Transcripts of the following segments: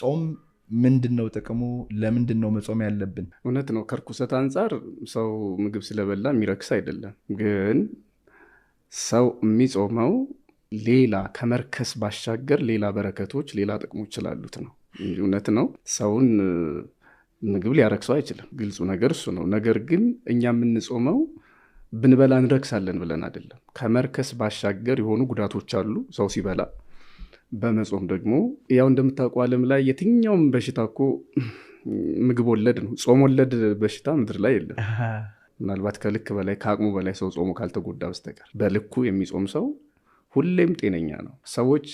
ጾም ምንድን ነው ጥቅሙ? ለምንድን ነው መጾም ያለብን? እውነት ነው። ከርኩሰት አንጻር ሰው ምግብ ስለበላ የሚረክስ አይደለም። ግን ሰው የሚጾመው ሌላ ከመርከስ ባሻገር ሌላ በረከቶች፣ ሌላ ጥቅሞች ስላሉት ነው። እውነት ነው። ሰውን ምግብ ሊያረክሰው አይችልም። ግልጹ ነገር እሱ ነው። ነገር ግን እኛ የምንጾመው ብንበላ እንረክሳለን ብለን አይደለም። ከመርከስ ባሻገር የሆኑ ጉዳቶች አሉ ሰው ሲበላ በመጾም ደግሞ ያው እንደምታውቁ ዓለም ላይ የትኛውም በሽታ እኮ ምግብ ወለድ ነው። ጾም ወለድ በሽታ ምድር ላይ የለም። ምናልባት ከልክ በላይ ከአቅሙ በላይ ሰው ጾሙ ካልተጎዳ በስተቀር በልኩ የሚጾም ሰው ሁሌም ጤነኛ ነው። ሰዎች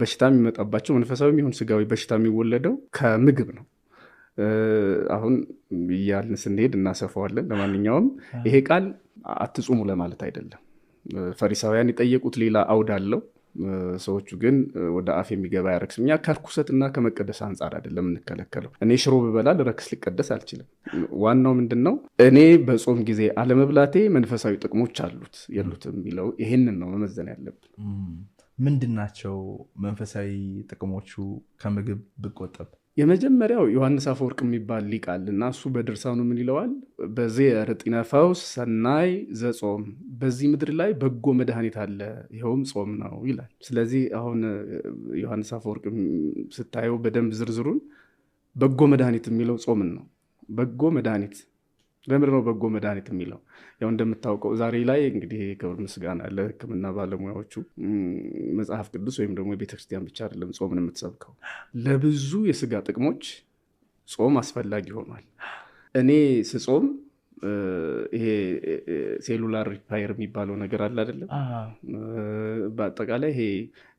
በሽታ የሚመጣባቸው መንፈሳዊ የሚሆን ስጋዊ በሽታ የሚወለደው ከምግብ ነው። አሁን እያልን ስንሄድ እናሰፋዋለን። ለማንኛውም ይሄ ቃል አትጹሙ ለማለት አይደለም። ፈሪሳውያን የጠየቁት ሌላ አውድ አለው። ሰዎቹ ግን ወደ አፍ የሚገባ አያረክስም። እኛ ከርኩሰትና ከመቀደስ አንጻር አይደለም የምንከለከለው። እኔ ሽሮ ብበላ ልረክስ ሊቀደስ አልችልም። ዋናው ምንድን ነው እኔ በጾም ጊዜ አለመብላቴ መንፈሳዊ ጥቅሞች አሉት የሉትም የሚለው ይሄንን ነው መመዘን ያለብን። ምንድን ናቸው መንፈሳዊ ጥቅሞቹ ከምግብ ብቆጠብ? የመጀመሪያው ዮሐንስ አፈወርቅ የሚባል ሊቅ አለ እና እሱ በድርሳኑ ምን ይለዋል? በዜር ጢነ ፈውስ ሰናይ ዘጾም በዚህ ምድር ላይ በጎ መድኃኒት አለ ይኸውም ጾም ነው ይላል። ስለዚህ አሁን ዮሐንስ አፈወርቅ ስታየው በደንብ ዝርዝሩን በጎ መድኃኒት የሚለው ጾምን ነው። በጎ መድኃኒት ለምድ ነው በጎ መድኃኒት የሚለው? ያው እንደምታውቀው ዛሬ ላይ እንግዲህ ክብር ምስጋና ህክምና ባለሙያዎቹ መጽሐፍ ቅዱስ ወይም ደግሞ ቤተክርስቲያን ብቻ አይደለም ጾምን የምትሰብከው ለብዙ የስጋ ጥቅሞች ጾም አስፈላጊ ሆኗል። እኔ ስጾም ይሄ ሴሉላር ሪፓየር የሚባለው ነገር አለ አደለም በአጠቃላይ ይሄ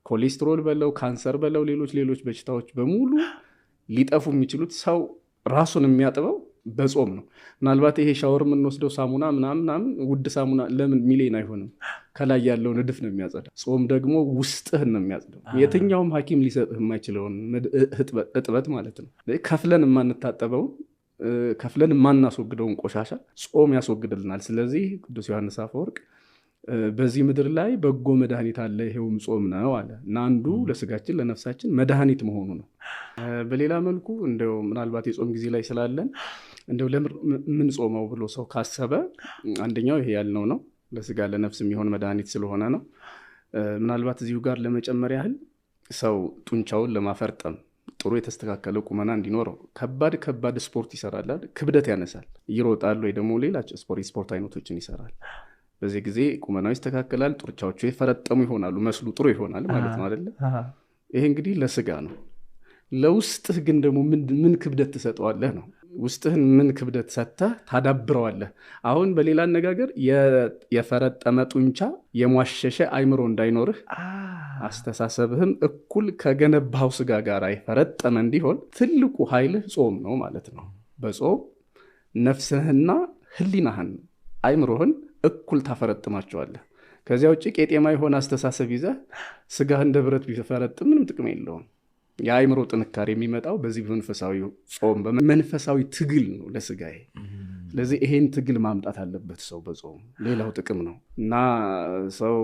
ኮሌስትሮል በለው ካንሰር በለው ሌሎች ሌሎች በሽታዎች በሙሉ ሊጠፉ የሚችሉት ሰው ራሱን የሚያጥበው በጾም ነው። ምናልባት ይሄ ሻወር የምንወስደው ሳሙና ምናምናም ውድ ሳሙና ለምን ሚሊዮን አይሆንም፣ ከላይ ያለውን እድፍ ነው የሚያጸዳ። ጾም ደግሞ ውስጥህን ነው የሚያጽደው፣ የትኛውም ሀኪም ሊሰጥህ የማይችለውን እጥበት ማለት ነው። ከፍለን የማንታጠበውን ከፍለን የማናስወግደውን ቆሻሻ ጾም ያስወግድልናል። ስለዚህ ቅዱስ ዮሐንስ አፈወርቅ በዚህ ምድር ላይ በጎ መድኃኒት አለ ይሄውም ጾም ነው አለ እና አንዱ ለስጋችን ለነፍሳችን መድኃኒት መሆኑ ነው። በሌላ መልኩ እንደው ምናልባት የጾም ጊዜ ላይ ስላለን እንደው ጾመው ብሎ ሰው ካሰበ አንደኛው ይሄ ያልነው ነው፣ ለስጋ ለነፍስ የሚሆን መድኃኒት ስለሆነ ነው። ምናልባት እዚሁ ጋር ለመጨመር ያህል ሰው ጡንቻውን ለማፈርጠም ጥሩ የተስተካከለ ቁመና እንዲኖረው ከባድ ከባድ ስፖርት ይሰራላል፣ ክብደት ያነሳል፣ ይሮጣል ወይ ደግሞ ሌላቸው ስፖርት አይነቶችን ይሰራል። በዚህ ጊዜ ቁመናው ይስተካከላል፣ ጡርቻዎቹ የፈረጠሙ ይሆናሉ፣ መስሉ ጥሩ ይሆናል ማለት ነው አይደለ? ይሄ እንግዲህ ለስጋ ነው። ለውስጥህ ግን ደግሞ ምን ክብደት ትሰጠዋለህ ነው። ውስጥህን ምን ክብደት ሰጥተህ ታዳብረዋለህ። አሁን በሌላ አነጋገር የፈረጠመ ጡንቻ የሟሸሸ አይምሮ እንዳይኖርህ አስተሳሰብህም እኩል ከገነባው ስጋ ጋር የፈረጠመ እንዲሆን ትልቁ ኃይልህ ጾም ነው ማለት ነው። በጾም ነፍስህና ህሊናህን አይምሮህን እኩል ታፈረጥማቸዋለህ። ከዚያ ውጭ ቄጤማ የሆነ አስተሳሰብ ይዘህ ስጋህ እንደ ብረት ቢፈረጥ ምንም ጥቅም የለውም። የአይምሮ ጥንካሬ የሚመጣው በዚህ መንፈሳዊ ጾም መንፈሳዊ ትግል ነው ለስጋዬ። ስለዚህ ይሄን ትግል ማምጣት አለበት ሰው በጾም ሌላው ጥቅም ነው እና ሰው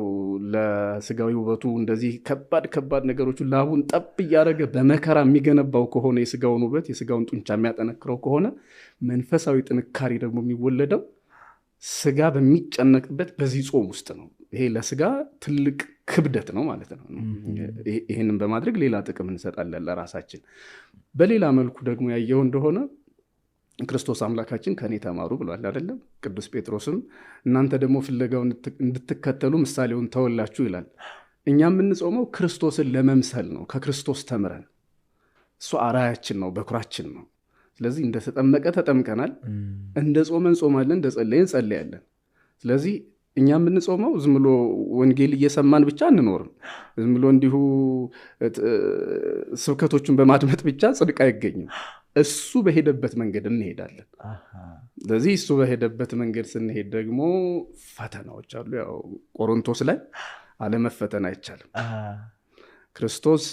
ለስጋዊ ውበቱ እንደዚህ ከባድ ከባድ ነገሮቹ ላቡን ጠብ እያደረገ በመከራ የሚገነባው ከሆነ የስጋውን ውበት የስጋውን ጡንቻ የሚያጠነክረው ከሆነ መንፈሳዊ ጥንካሬ ደግሞ የሚወለደው ስጋ በሚጨነቅበት በዚህ ጾም ውስጥ ነው። ይሄ ለስጋ ትልቅ ክብደት ነው ማለት ነው። ይህንን በማድረግ ሌላ ጥቅም እንሰጣለን ለራሳችን። በሌላ መልኩ ደግሞ ያየው እንደሆነ ክርስቶስ አምላካችን ከእኔ ተማሩ ብሏል አይደለም? ቅዱስ ጴጥሮስም እናንተ ደግሞ ፍለጋውን እንድትከተሉ ምሳሌውን ተወላችሁ ይላል። እኛ የምንጾመው ክርስቶስን ለመምሰል ነው። ከክርስቶስ ተምረን እሱ አራያችን ነው፣ በኩራችን ነው። ስለዚህ እንደተጠመቀ ተጠምቀናል፣ እንደ ጾመን ጾማለን፣ እንደ ጸለየን ጸለያለን። ስለዚህ እኛ የምንጾመው ዝም ብሎ ወንጌል እየሰማን ብቻ አንኖርም። ዝም ብሎ እንዲሁ ስብከቶቹን በማድመጥ ብቻ ጽድቅ አይገኝም። እሱ በሄደበት መንገድ እንሄዳለን። ስለዚህ እሱ በሄደበት መንገድ ስንሄድ ደግሞ ፈተናዎች አሉ። ያው ቆሮንቶስ ላይ አለመፈተን አይቻልም። ክርስቶስ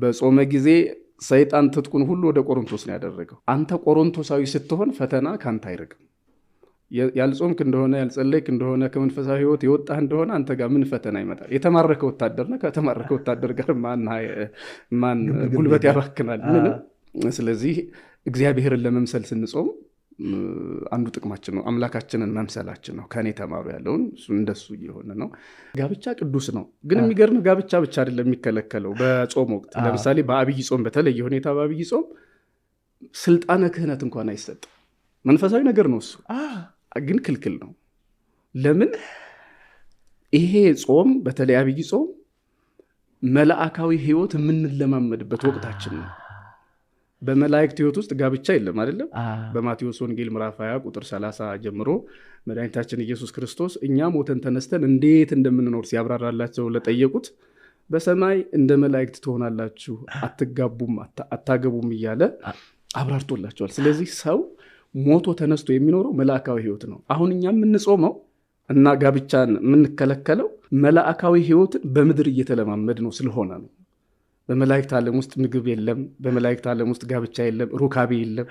በጾመ ጊዜ ሰይጣን ትጥቁን ሁሉ ወደ ቆሮንቶስ ነው ያደረገው። አንተ ቆሮንቶሳዊ ስትሆን ፈተና ከአንተ አይርቅም። ያልጾምክ እንደሆነ ያልጸለይክ እንደሆነ ከመንፈሳዊ ህይወት የወጣህ እንደሆነ አንተ ጋር ምን ፈተና ይመጣል? የተማረከ ወታደር ነ ከተማረከ ወታደር ጋር ማን ጉልበት ያባክናል? ምንም። ስለዚህ እግዚአብሔርን ለመምሰል ስንጾም አንዱ ጥቅማችን ነው፣ አምላካችንን መምሰላችን ነው። ከእኔ ተማሩ ያለውን እንደሱ እየሆነ ነው። ጋብቻ ቅዱስ ነው። ግን የሚገርም ጋብቻ ብቻ አይደለም የሚከለከለው በጾም ወቅት። ለምሳሌ በአብይ ጾም፣ በተለየ ሁኔታ በአብይ ጾም ስልጣነ ክህነት እንኳን አይሰጥም። መንፈሳዊ ነገር ነው እሱ ግን ክልክል ነው። ለምን? ይሄ ጾም በተለይ አብይ ጾም መላእካዊ ህይወት የምንለማመድበት ወቅታችን ነው። በመላእክት ህይወት ውስጥ ጋብቻ የለም አይደለም። በማቴዎስ ወንጌል ምራፍ 20 ቁጥር 30 ጀምሮ መድኃኒታችን ኢየሱስ ክርስቶስ እኛ ሞተን ተነስተን እንዴት እንደምንኖር ሲያብራራላቸው ለጠየቁት በሰማይ እንደ መላእክት ትሆናላችሁ፣ አትጋቡም፣ አታገቡም እያለ አብራርቶላቸዋል። ስለዚህ ሰው ሞቶ ተነስቶ የሚኖረው መላእካዊ ህይወት ነው። አሁን እኛ የምንጾመው እና ጋብቻን የምንከለከለው መላእካዊ ህይወትን በምድር እየተለማመድ ነው ስለሆነ ነው። በመላእክት ዓለም ውስጥ ምግብ የለም። በመላእክት ዓለም ውስጥ ጋብቻ የለም፣ ሩካቤ የለም።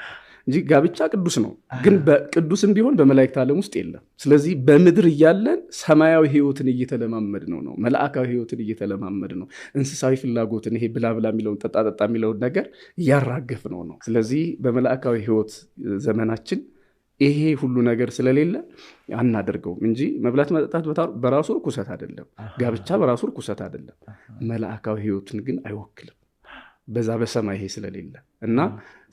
እንጂ ጋብቻ ቅዱስ ነው፣ ግን ቅዱስም ቢሆን በመላእክት ዓለም ውስጥ የለም። ስለዚህ በምድር እያለን ሰማያዊ ህይወትን እየተለማመድ ነው ነው መልአካዊ ህይወትን እየተለማመድ ነው። እንስሳዊ ፍላጎትን ይሄ ብላብላ የሚለውን ጠጣጠጣ የሚለውን ነገር እያራገፍ ነው ነው። ስለዚህ በመልአካዊ ህይወት ዘመናችን ይሄ ሁሉ ነገር ስለሌለ አናደርገውም እንጂ መብላት መጠጣት በራሱ እርኩሰት አይደለም። ጋብቻ በራሱ እርኩሰት አይደለም። መልአካዊ ህይወትን ግን አይወክልም። በዛ በሰማይ ይሄ ስለሌለ እና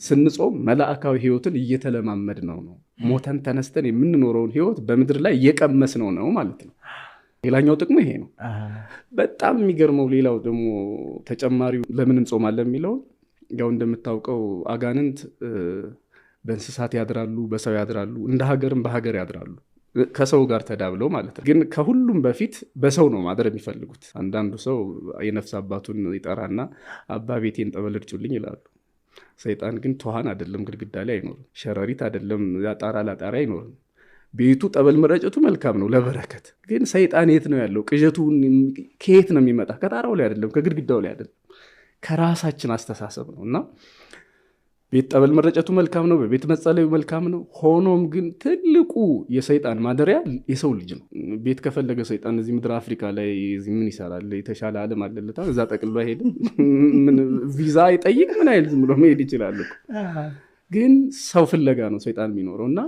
ስንጾም መላእካዊ ህይወትን እየተለማመድ ነው ነው ሞተን ተነስተን የምንኖረውን ህይወት በምድር ላይ እየቀመስ ነው ነው ማለት ነው። ሌላኛው ጥቅሙ ይሄ ነው። በጣም የሚገርመው ሌላው ደግሞ ተጨማሪው ለምን እንጾማለን የሚለውን ያው እንደምታውቀው አጋንንት በእንስሳት ያድራሉ፣ በሰው ያድራሉ፣ እንደ ሀገርም በሀገር ያድራሉ። ከሰው ጋር ተዳብለው ማለት ነው። ግን ከሁሉም በፊት በሰው ነው ማደር የሚፈልጉት። አንዳንዱ ሰው የነፍስ አባቱን ይጠራና አባ ቤቴን ጠበል እርጩልኝ ይላሉ። ሰይጣን ግን ትኋን አይደለም፣ ግድግዳ ላይ አይኖርም። ሸረሪት አይደለም፣ ጣራ ላጣሪ አይኖርም። ቤቱ ጠበል መረጨቱ መልካም ነው ለበረከት። ግን ሰይጣን የት ነው ያለው? ቅዠቱ ከየት ነው የሚመጣ? ከጣራው ላይ አይደለም፣ ከግድግዳው ላይ አይደለም፣ ከራሳችን አስተሳሰብ ነው እና ቤት ጠበል መረጨቱ መልካም ነው፣ በቤት መጸለዩ መልካም ነው። ሆኖም ግን ትልቁ የሰይጣን ማደሪያ የሰው ልጅ ነው። ቤት ከፈለገ ሰይጣን እዚህ ምድር አፍሪካ ላይ ምን ይሰራል? የተሻለ ዓለም አለለታ እዛ ጠቅሎ አይሄድም። ምን ቪዛ አይጠይቅ ምን አይል ዝም ብሎ መሄድ ይችላል። ግን ሰው ፍለጋ ነው ሰይጣን የሚኖረው እና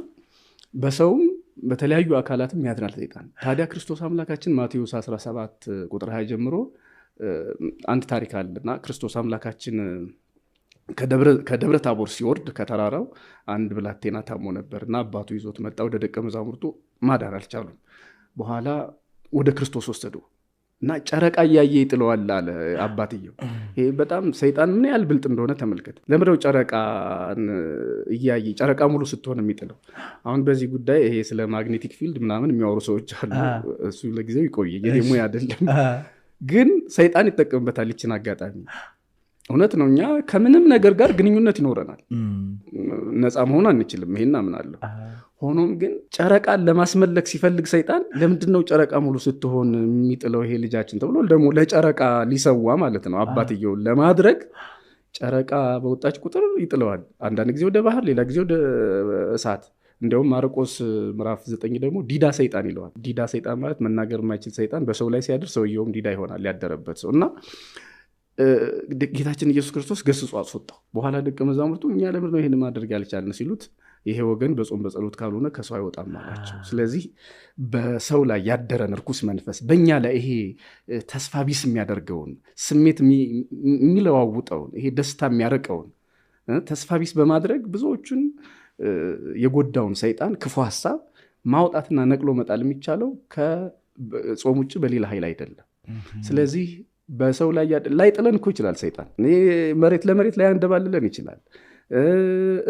በሰውም በተለያዩ አካላትም ያድናል ሰይጣን። ታዲያ ክርስቶስ አምላካችን ማቴዎስ 17 ቁጥር 20 ጀምሮ አንድ ታሪክ አለና ክርስቶስ አምላካችን ከደብረ ታቦር ሲወርድ ከተራራው አንድ ብላቴና ታሞ ነበር እና አባቱ ይዞት መጣ። ወደ ደቀ መዛሙርቱ ማዳን አልቻሉም። በኋላ ወደ ክርስቶስ ወሰዱ እና ጨረቃ እያየ ይጥለዋል አለ አባትየው። ይሄ በጣም ሰይጣን ምን ያህል ብልጥ እንደሆነ ተመልከት። ለምደው ጨረቃን እያየ ጨረቃ ሙሉ ስትሆን የሚጥለው አሁን በዚህ ጉዳይ ይሄ ስለ ማግኔቲክ ፊልድ ምናምን የሚያወሩ ሰዎች አሉ። እሱ ለጊዜው ይቆየ የሙያ አይደለም፣ ግን ሰይጣን ይጠቀምበታል ይችን አጋጣሚ እውነት ነው። እኛ ከምንም ነገር ጋር ግንኙነት ይኖረናል። ነፃ መሆን አንችልም። ይሄን አምናለሁ። ሆኖም ግን ጨረቃን ለማስመለክ ሲፈልግ ሰይጣን ለምንድነው ጨረቃ ሙሉ ስትሆን የሚጥለው ይሄ ልጃችን ተብሎ ደግሞ ለጨረቃ ሊሰዋ ማለት ነው አባትየውን ለማድረግ ጨረቃ በወጣች ቁጥር ይጥለዋል። አንዳንድ ጊዜ ወደ ባህር፣ ሌላ ጊዜ ወደ እሳት። እንዲሁም ማርቆስ ምራፍ ዘጠኝ ደግሞ ዲዳ ሰይጣን ይለዋል። ዲዳ ሰይጣን ማለት መናገር የማይችል ሰይጣን በሰው ላይ ሲያድር ሰውየውም ዲዳ ይሆናል ያደረበት ሰው እና ጌታችን ኢየሱስ ክርስቶስ ገስጾ አስወጣው። በኋላ ደቀ መዛሙርቱ እኛ ለምድ ነው ይህን ማድረግ ያልቻልን ሲሉት ይሄ ወገን በጾም በጸሎት ካልሆነ ከሰው አይወጣም አላቸው። ስለዚህ በሰው ላይ ያደረን እርኩስ መንፈስ በእኛ ላይ ይሄ ተስፋ ቢስ የሚያደርገውን ስሜት የሚለዋውጠውን ይሄ ደስታ የሚያረቀውን ተስፋ ቢስ በማድረግ ብዙዎቹን የጎዳውን ሰይጣን ክፉ ሀሳብ ማውጣትና ነቅሎ መጣል የሚቻለው ከጾም ውጭ በሌላ ኃይል አይደለም። ስለዚህ በሰው ላይ ላይ ጥለን እኮ ይችላል ሰይጣን መሬት ለመሬት ላይ አንደባልለን ይችላል።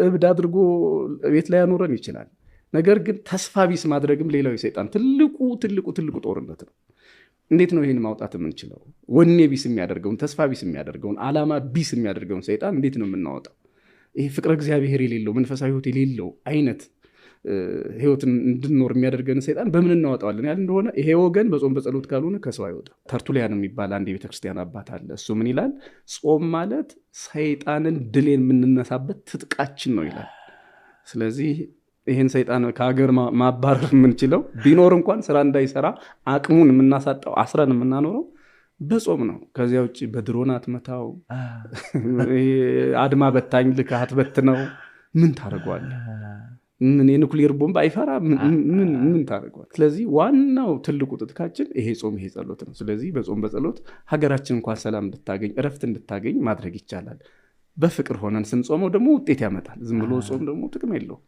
እብድ አድርጎ ቤት ላይ ያኖረን ይችላል። ነገር ግን ተስፋ ቢስ ማድረግም ሌላው የሰይጣን ትልቁ ትልቁ ትልቁ ጦርነት ነው። እንዴት ነው ይህን ማውጣት የምንችለው? ወኔ ቢስ የሚያደርገውን ተስፋ ቢስ የሚያደርገውን አላማ ቢስ የሚያደርገውን ሰይጣን እንዴት ነው የምናወጣው? ይህ ፍቅረ እግዚአብሔር የሌለው መንፈሳዊ ሕይወት የሌለው አይነት ህይወትን እንድንኖር የሚያደርገን ሰይጣን በምን እናወጣዋለን ያል እንደሆነ ይሄ ወገን በጾም በጸሎት ካልሆነ ከሰው አይወጣ። ተርቱሊያን የሚባል አንድ የቤተክርስቲያን አባት አለ። እሱ ምን ይላል? ጾም ማለት ሰይጣንን ድሌ የምንነሳበት ትጥቃችን ነው ይላል። ስለዚህ ይህን ሰይጣን ከሀገር ማባረር የምንችለው ቢኖር እንኳን ስራ እንዳይሰራ አቅሙን የምናሳጣው አስረን የምናኖረው በጾም ነው። ከዚያ ውጭ በድሮን አትመታው፣ አድማ በታኝ ልክ አትበት ነው ምን ታደርገዋለህ? ምን የኑክሌር ቦምብ አይፈራ ምን ታደርገዋል? ስለዚህ ዋናው ትልቁ ጥጥቃችን ይሄ ጾም ይሄ ጸሎት ነው። ስለዚህ በጾም በጸሎት ሀገራችን እንኳን ሰላም እንድታገኝ እረፍት እንድታገኝ ማድረግ ይቻላል። በፍቅር ሆነን ስንጾመው ደግሞ ውጤት ያመጣል። ዝም ብሎ ጾም ደግሞ ጥቅም የለውም።